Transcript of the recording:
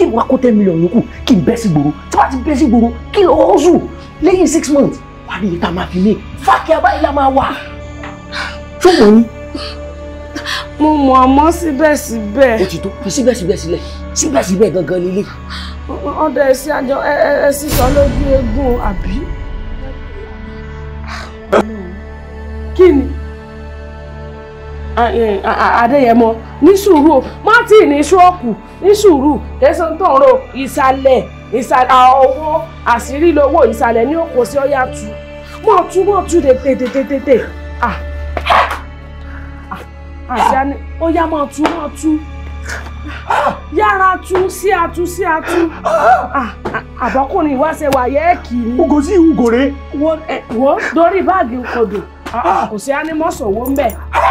kí n wá kó ten million yòókù kí n bẹ́ sí gbòòrò tí wàá ti bẹ́ sí gbòòrò kí lọ hustle lẹ́yìn six months wà á rí ìta máa fi mí fáàkì abáyé la máa wà. ṣó mọ̀ ni. mo mọ̀ àmọ́ síbẹ̀síbẹ̀. ó ti tó fi síbẹ̀síbẹ̀ sílẹ̀ síbẹ̀síbẹ̀ gangan nílé. ọ̀dọ̀ ẹ̀ sí àjọ ẹ̀ ẹ̀ sísọ lójú eégún àbí. kí ni. Ah, eh, ah, ah, adéyẹmọ ní sùúrù o má tì ní ṣọ́ọ̀kù ní sùúrù kẹsàn-án tó ń ro ìsàlẹ̀ ìsàlẹ̀ ọwọ́ àṣírí lọ́wọ́ ìsàlẹ̀ ní òkò sí ọ̀yà tu mọ̀ tu mọ̀ tu tètè àṣàní ó yá mọ̀ tu mọ̀ tu yára tu sí atu sí atu àbọ́kùnrin ìwá ṣe wà yẹ́ kiri. ogo sí ìwúgòrè. wọ́n dórí báàgì nǹkan dùn kò sí ánímọ́sọ̀wọ́ ń bẹ̀.